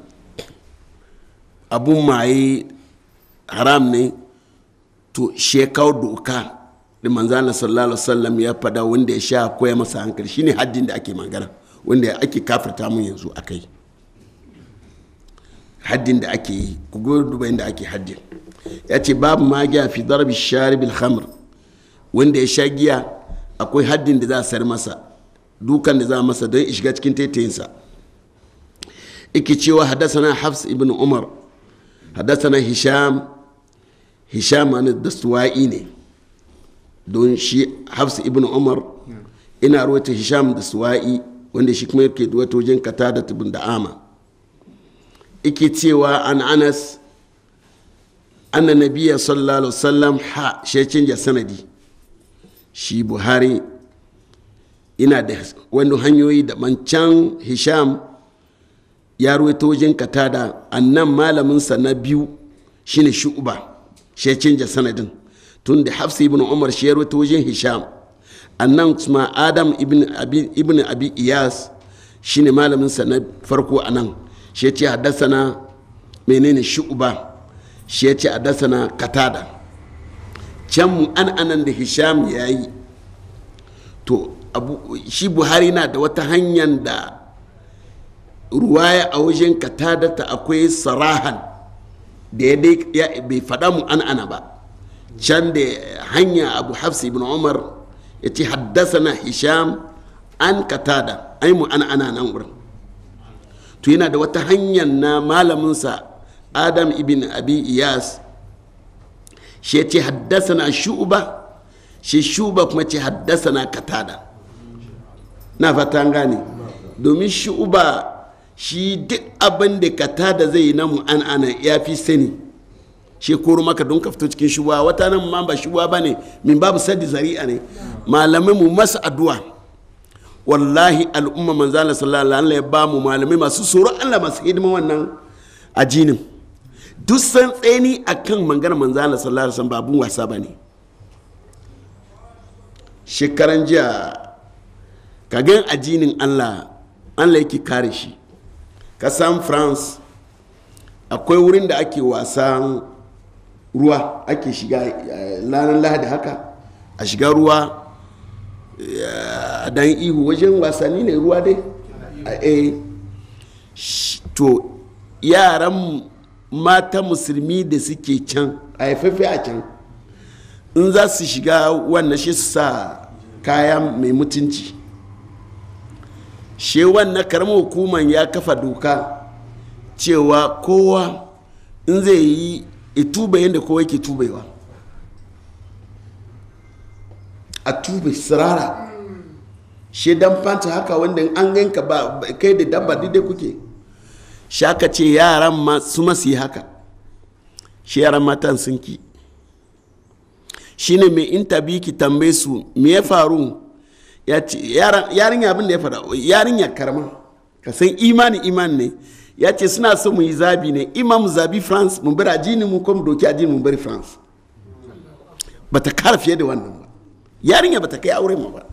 abun maye haram ne to shekau doka da manzana sallallahu sallam ya faɗa wanda ya sha koya masa hankali shine haddin da ake magana wanda ake kafirta mun yanzu akai haddin da ake yi ku duba inda ake haddin ya ce babu magiya fi darbi sharibil khamr wanda ya sha giya akwai haddin da za a sar masa dukan da za a masa don shiga cikin taitayinsa iki cewa haddasana hafs ibn umar na hisham hisham an dasuwa'i ne don shi hafs ibn umar ina ruwata hisham da wanda shi kuma yake wajen kata da tubin ike cewa an anas anna nabiya sallallahu sallam ha shi canja sanadi shi buhari ina da wani hanyoyi da mancan hisham ya ruwaito wajen da annan malaminsa na biyu shine shu'uba shi canja sanadin tun da hafsa ibn umar shi ya ruwaito wajen hisham annan kuma adam ibn abi, ibn abi iyas shine malaminsa na farko a nan. shi yace haddathana menene shu'ba shi dasa na katada can mu an anan da hisham yi to shi buhari na da wata hanyar da ruwaya a wajen katada ta akwai sarahan da ya bai faɗa mu an ana ba can da hanya abu hafsi ibn umar ya ce haddasa na hisham an katada ai mu an ana nan wurin to yana da wata hanyar na malaminsa adam ibn abi iyas shi ce haddasana shu'ba shi shu'ba kuma ce haddasana katada na fata an gane domin shu'ba shi duk abin da katada zai yi na mu'an'ana ya fi sani shi koro maka don ka fito cikin shubuwa wata nan ma ba shubuwa ba ne min babu sadi zari'a ne malamai mu masu addu'a wallahi al'umma manzala sallallahu alaihi ya ba mu malamai masu tsoro Allah masu hidima wannan ajinin duk san tseni akan mangana manzala sallallahu alaihi ba abun wasa bane shekaran jiya ka gan ajinin Allah Allah yake kare shi ka san France akwai wurin da ake wasan ruwa ake shiga lanar eh, lahadi haka a shiga ruwa dan ihu wajen wasanni ne ruwa dai eh. to yaran mata musulmi da suke can a haifafe a can in za su shiga wannan shi sa kaya mai mutunci she wannan karamar hukuman ya kafa doka cewa kowa in zai yi ituba da kowa yake tubewa a tube sirara shi dan fanta haka wanda an ganka ba kai da dabba dai kuke shaka ce yaran ma su masu haka shi yaran matan sun ki shine mai intabi ki tambaye su me ya faru ya abin da ya faru ya karama ka san imani imani ne ya ce suna so mu yi zabi ne imam zabi france mu bar ajini mu kuma doki ajini mu bari france ta kara fiye da wannan ba yarinya bata ta kai aure ma ba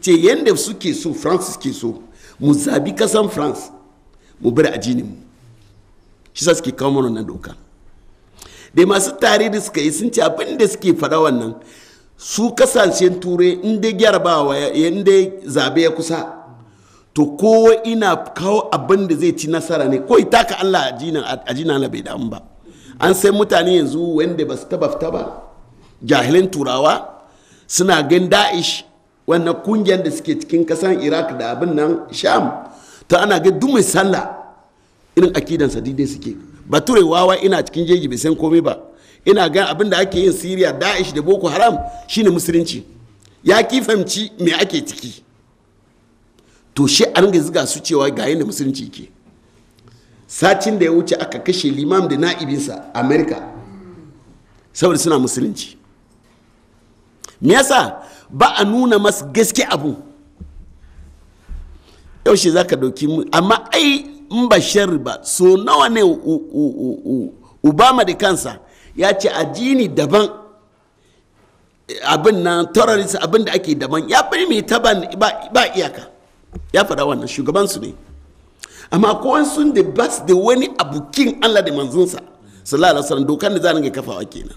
ce yadda suke so france ke so mu zabi kasan france mu bar ajinin mu shi sa suke kawo mana doka da masu tare da suka yi sun ce abin da suke fada wannan su kasashen turai inda gyara ba wa zabe ya kusa to kowa ina kawo abin da zai ci nasara ne kawai taka allah jina na bai damu ba an sai mutane yanzu wanda ba su taba fita ba jahilin turawa suna gan da'ish wannan kungiyar da suke cikin kasar iraq da abin nan sham ta ana ga dumai sallah irin akidansa daidai suke ba ture wawa ina cikin jeji bai san komai ba ina gan abin da ake yin syria da'ish da boko haram shine musulunci ya kifamci me ake ciki to shi an ga ziga su cewa ga yadda musulunci ke satin da ya wuce aka kashe limam da na'ibinsa america saboda suna musulunci me yasa ba a nuna masu gaske abu yaushe za ka doki mu amma ai in ba sharri ba so nawa ne obama da kansa ya ce a jini daban abin na terrorist abin da ake daban ya fi mai taban ba iyaka ya faɗa wannan shugabansu ne amma ko sun da bas da wani abokin allah da manzunsa sallallahu alaihi wasallam dokan da za a kafawa kenan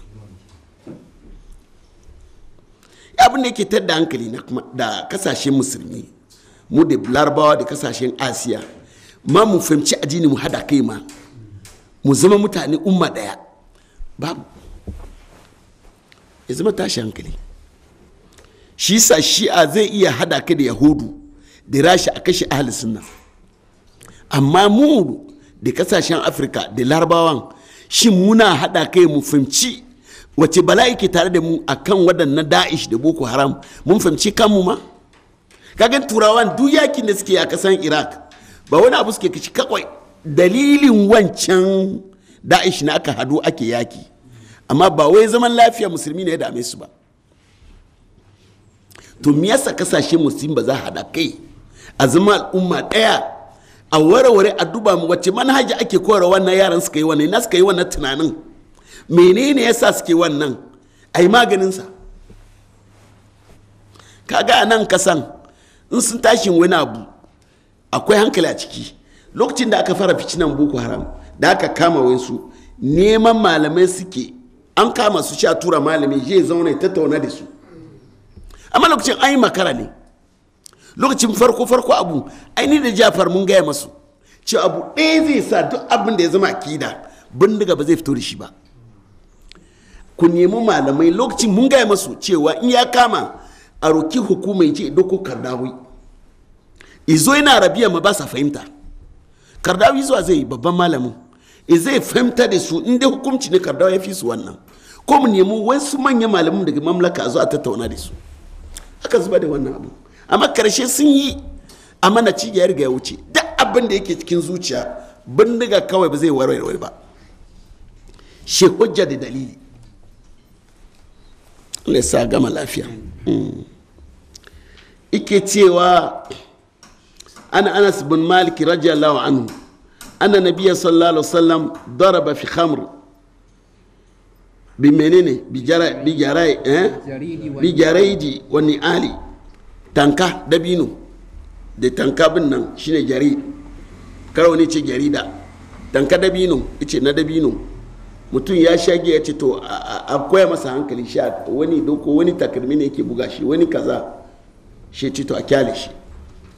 abin da yake ta da hankali na kuma da kasashen musulmi mu da larabawa da kasashen asiya ma mu fahimci ajini mu hada kai ma mu zama mutane umma daya babu ya zama tashi hankali shi sa shi'a zai iya hada kai da yahudu da rashi a kashe ahli sunna amma mu da kasashen afirka da larabawan shi muna hada kai mu fahimci wace bala yake tare da mu a kan waɗannan da'ish da boko haram mun fahimci kanmu ma kagan turawan duk yakin da suke a kasan iraq ba wani abu suke kashi kawai dalilin wancan da'ish na aka hadu ake yaki amma ba wai zaman lafiya musulmi ne ya dame su ba to me yasa kasashe musulmi ba za a hada kai a zama al'umma ɗaya a warware a duba mu wace manhaji ake korawa na yaran suka yi wannan na suka yi wannan tunanin menene yasa suke wannan a maganin sa kaga a nan kasan in sun tashin wani abu akwai hankali a ciki lokacin da aka fara ficinan boko haram da aka kama wasu neman malamai suke an kama su sha tura malami je zaune tattauna da su amma lokacin an yi makara ne lokacin farko farko abu aini da jafar mun gaya masu ce abu ɗaya zai sa duk abin da ya zama akida bindiga ba zai fito da shi ba ku nemi malamai lokacin mun gaya masu cewa in ya kama a roki hukuma ya ce doko kardawi izo yana rabiya ma ba sa fahimta kardawi zuwa zai babban malamin zai fahimta da su inda hukumci ne kardawa ya fi su wannan ko mu nemi wasu manyan malamin daga mamlaka zuwa tattauna da su aka zuba da wannan abu amma karshe sun yi amana ci ga ya wuce duk abin da yake cikin zuciya bindiga kawai ba zai warware ba she hujja da dalili Allah sa gama lafiya hmm. ike cewa ana anas bin malik radiyallahu anhu ana nabiya sallallahu alaihi wasallam daraba fi khamr bi menene bi jara bi jara eh bi jaraidi wani ali tanka dabino da tanka bin nan shine jari karo ne ce jarida tanka dabino ice na dabino mutum ya shage ya ce to a koya masa hankali sha wani doko wani takalmi ne yake buga shi wani kaza shi ce to a kyale shi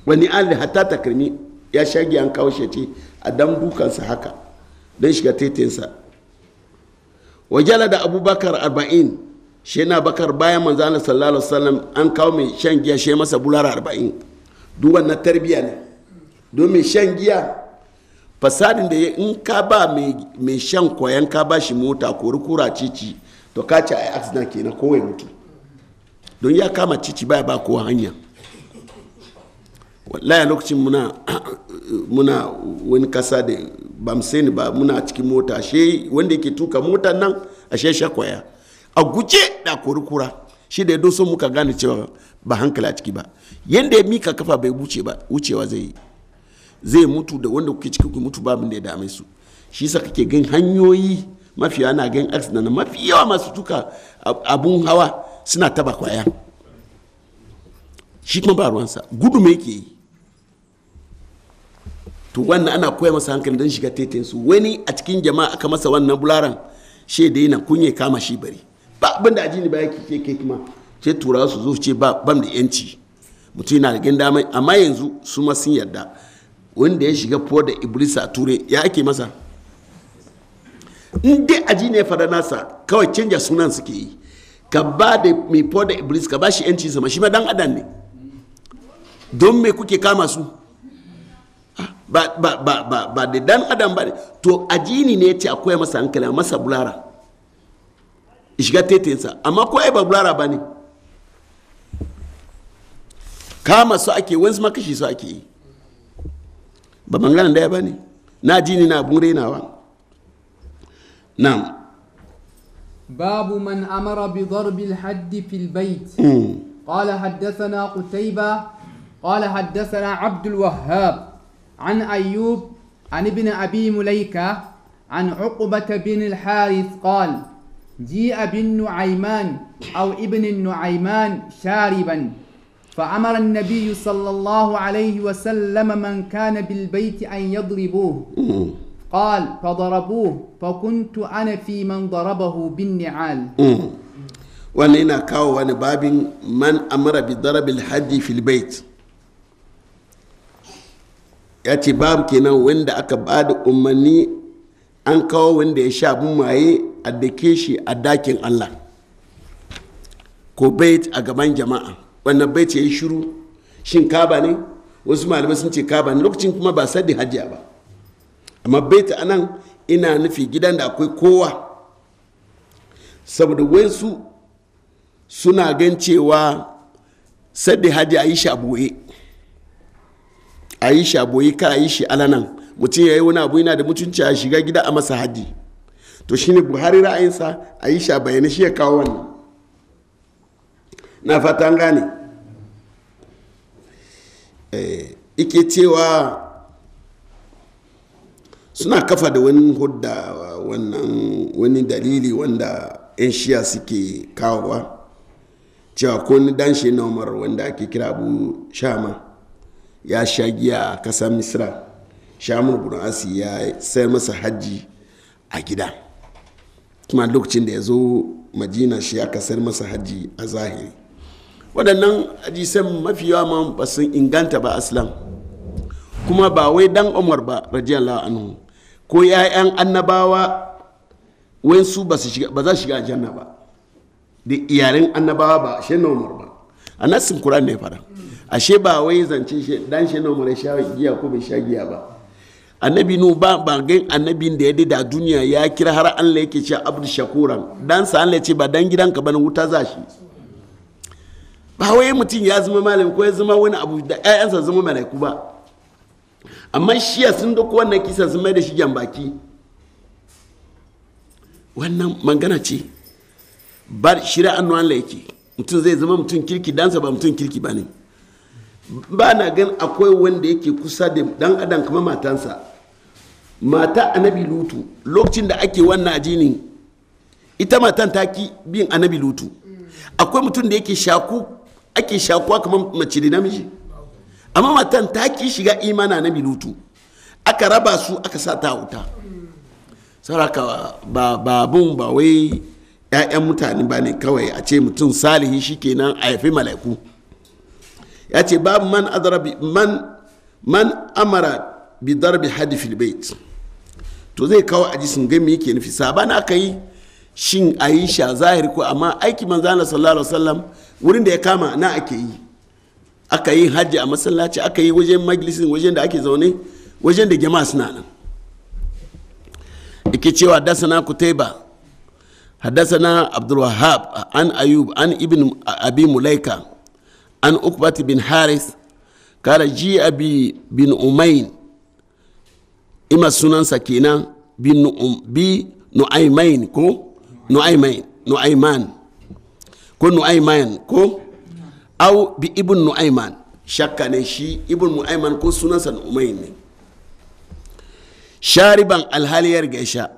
wani an hatta takalmi ya shage an kawo shi ce a dan dukansa haka don shiga tetinsa wajala da abubakar arba'in shi na bakar bayan manzana sallallahu alaihi wasallam an kawo mai shan giya shi masa bulara arba'in duk wannan tarbiya ne domin shan giya fasadin da ya in ka ba mai shan kwayan ka ba shi mota ko rukura cici to ka ci a accident na kowai mutu don ya kama cici baya ba kowa hanya wallahi lokacin muna wani kasa da ba mu sani ba muna cikin mota ashe wanda yake tuka mota nan ashe kwaya a guje da kurkura shi da ya doso muka gane cewa ba hankali a ciki ba yadda ya mika kafa bai wucewa zai zai mutu da wanda kuke ciki ku mutu ba da ya dame su shi yasa kake gan hanyoyi mafiya na gan accident mafi yawa masu tuka abun hawa suna taba kwaya shi kuma ba ruwansa gudu me yake yi to wannan ana koya masa hankali don shiga teten su wani a cikin jama'a aka masa wannan bularan she da yana kunye kama shi bari ba abin da ajini ba yake ke ke kuma ce turawa su zo ce ba bam da yanci mutum yana da gindamai amma yanzu su ma sun yarda wanda ya shiga fuwa da iblis a ture ya ake masa in dai aji ne fara nasa kawai canja sunan suke yi ka ba da mai fuwa da iblis ka ba shi yanci sama shi ma dan adam ne don me kuke kama su ah, ba ba da dan adam ba to aji ne ya ce akwai masa hankali masa bulara shiga tetensa amma ko ba bulara ba ne kama su ake wani ma kashi su ake yi ba maganan daya ba ne na ji باب من أمر بضرب الحد في البيت قال حدثنا قتيبة قال حدثنا عبد الوهاب عن أيوب عن ابن أبي مليكة عن عقبة بن الحارث قال جيء بن نعيمان أو ابن النعيمان شاربا فأمر النبي صلى الله عليه وسلم من كان بالبيت أن يضربوه قال فضربوه فكنت أنا في من ضربه بالنعال وانا كاو وانا باب من أمر بضرب الحد في البيت ياتي باب كنا وين دا أكباد أماني أن كاو وين دا يشاب ماي أدكيشي أداكين الله كوبيت أغمان جماعه wannan bai ce yi shiru shin kaba ne wasu malamai sun ce kaba ne lokacin kuma ba sadi hajiya ba amma bai ta anan ina nufi gidan da akwai kowa saboda wasu suna gan cewa sadi hajiya yi shaboye a yi boye ka a yi shi alanan mutum ya yi wani abu yana da mutunci a shiga gida a masa hajji to shine buhari ra'ayinsa a yi sha bayyana shi ya kawo wannan na fatan gane eh, ike cewa suna kafa da wani hudda wannan wani dalili wanda 'yan shiya suke kawowa cewa ko ni dan shi na umar wanda ake kira abu shama ya sha a kasar misra shamar bin asi ya sayar masa hajji a gida kuma lokacin da ya zo majina shi ya kasar masa hajji a zahiri waɗannan hadisan mafi yawa ma ba sun inganta ba aslan kuma ba wai dan umar ba radiyallahu anhu ko ya'yan annabawa su ba za shiga janna ba da iyalin annabawa ba shi na umar ba a nassin kuran ne fara ashe ba wai zance dan shi na umar ya sha giya ko bai sha giya ba annabi nu ba ba gan annabin da ya da duniya ya kira har Allah yake cewa abdu shakuran dan sa Allah ya ce ba dan gidanka bane wuta za shi ba wai mutum ya zama malami ko ya zama wani abu da ƴaƴansa zama malaiku ba amma shiya sun duk wannan kisa sun mai da shi baki wannan mangana ce bar shira annu Allah yake mutum zai zama mutum kirki dansa ba mutum kirki ba ne ba na gan akwai wanda yake kusa da dan adam matansa mata anabi lutu lokacin da ake wannan ajinin ita matan ta ki bin anabi lutu akwai mutum da yake shaku ake shakuwa kamar mace da namiji amma matan ta ki shiga imana na minutu aka raba su aka sa ta wuta sauraka ba babun ba wai 'ya'yan mutane ba ne kawai a ce mutum salihi shikenan a haifi mala'iku ya ce babu man man man amara bi darbi hadifil bait to zai kawo ajisin gami yake nufi sabana ka yi shin a yi zahiri ko amma aiki manzo na sallallahu alaihi wurin da ya kama na ake yi aka yi hajji a masallaci aka yi wajen majalisin wajen da ake zaune wajen da jama'a suna nan ike cewa dasana kutaiba حدثنا عبد الوهاب عن أيوب an ابن an ibn عن أقبة بن حارث قال جي أبي بن أمين إما سنان سكينة بن أم بي ko. nu'aymain nu'ayman ko nu'ayman ko au bi ibn nu'ayman shakka ne shi ibn nu'ayman ko sunansa nu'ayman ne shariban alhaliyar gaisha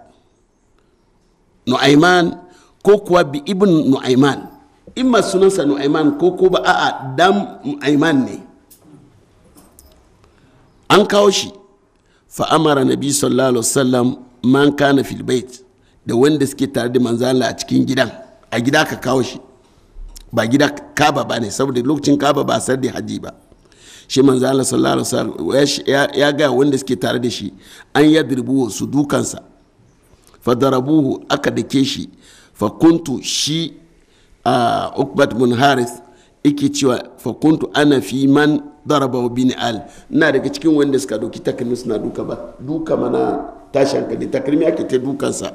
nu'ayman ko kuwa bi ibn nu'ayman imma sunansa nu'ayman ko ko ba a'a dan nu'ayman ne an kawo shi fa amara nabi sallallahu alaihi wasallam man kana fil bait da wanda suke tare da manzo Allah a cikin gidan a gida ka kawo shi ba gida kaba ba ne saboda lokacin kaba ba sar da haji ba shi manzo Allah sallallahu alaihi wasallam ya ga wanda suke tare da shi an dirbu su dukansa fadarabuhu aka dake shi fa kuntu shi a ukbat bin harith yake cewa fa kuntu ana fi man daraba bin al ina daga cikin wanda suka doki takalmi suna duka ba duka mana tashi kadi takalmi ake ta dukansa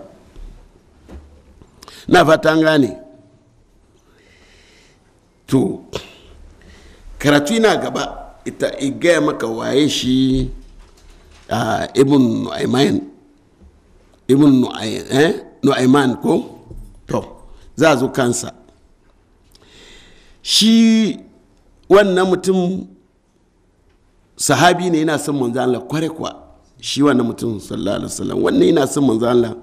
na fatan to karatu ina gaba ita igaya maka waye shi a ibn nu'ayman ibn eh, nu'ayman ko to za zo kansa shi wannan mutum sahabi ne yana son manzo Allah kware kwa shi wannan mutum sallallahu alaihi wasallam wannan yana son manzo Allah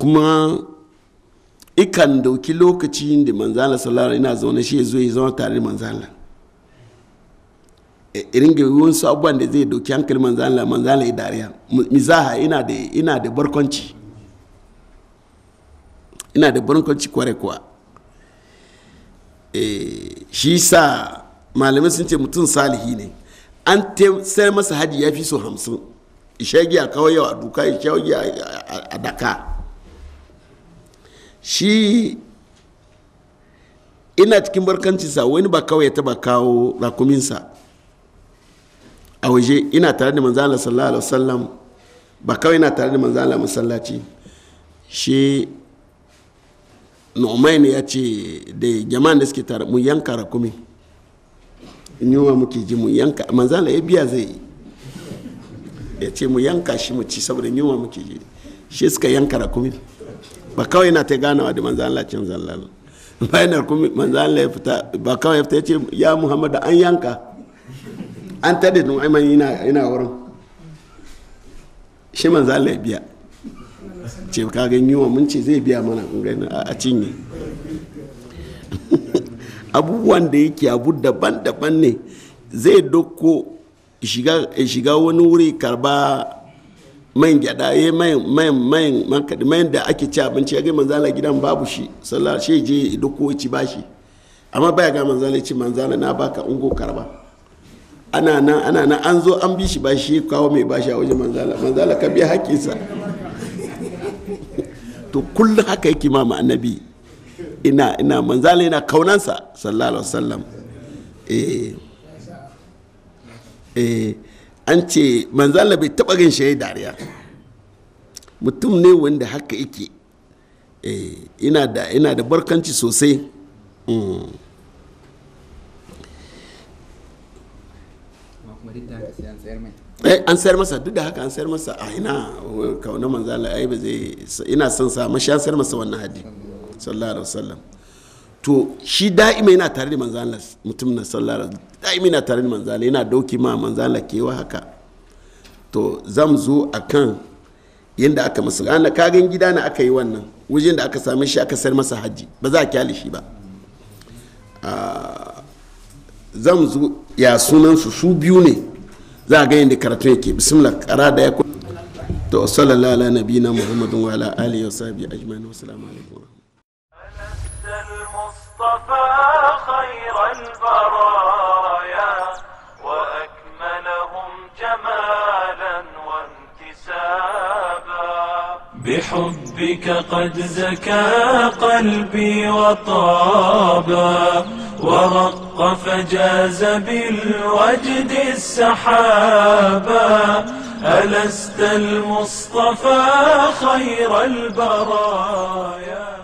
kuma ikan dauki lokaci da manzala sallallahu ina zaune shi zo ya zama tare da manzala e, irin ga wasu abubuwan da zai dauki hankali manzala manzala ya dariya mizaha ina da ina da barkwanci ina da barkwanci kware kuwa e, shi sa malamai sun ce mutum salihi ne an sai masa hajji ya fi so hamsin ishagiya kawai yau a duka ishagiya a daka shi ina cikin barkancinsa wani ba kawai ya ba kawo rakuminsa a waje ina tare da manzana sallallahu alaihi wasallam ba kawai ina tare da manzana masallaci shi nu'main ya ce da jama'an da suke tare mu yanka rakumi in wa muke ji mu yanka manzana ya biya zai ya ce mu yanka shi mu ci saboda wa muke ji shi suka yanka rakumin ba kawai yana ta ganawa da manzan Allah cin zallal bayan kuma manzan Allah ya fita ba kawai ya fita ya ce ya Muhammad an yanka an tade nu'aiman yana yana wurin shi manzan Allah ya biya ce ka ga yiwa mun ce zai biya mana a cinye abubuwan da yake abu daban-daban ne zai doko shiga wani wuri karba man gyada ya eh, man man man mai man da ake ci abinci ya ga manzala gidan babu shi sallah shi je ya dauko ci bashi amma baya ga manzala ci manzala na baka ungo karba ana nan ana nan an zo an bi shi bashi kawo mai bashi a wajen manzala manzala ka biya hakinsa to kullum haka yake ma annabi ina ina manzala yana kaunansa sallallahu alaihi wasallam eh eh an ce manzala bai taɓa gan shayi dariya mutum ne wanda haka yake eh, ina da ina da barkanci sosai an sayar eh, masa duk da haka an sayar masa a ina kauna manzala ai ba zai ina son sa mashi an sayar masa wannan hadi sallallahu alaihi wasallam to shi da'ima yana tare da manzo Allah mutum na sallar da'ima yana tare da manzo Allah yana dauki ma manzo Allah kewa haka to zam zo akan yadda aka masa ana kagan gida na aka yi wannan wajen da aka same shi aka sayar masa hajji ba za a kyale shi ba ah, zan zo ya sunan su su biyu ne za a ga yadda karatun yake bismillah kara da ya to sallallahu ala nabiyina muhammadin wa ala alihi wa sahbihi ajma'in wa assalamu alaikum المصطفى خير البرايا وأكملهم جمالا وانتسابا بحبك قد زكى قلبي وطابا ورق فجاز بالوجد السحابا ألست المصطفى خير البرايا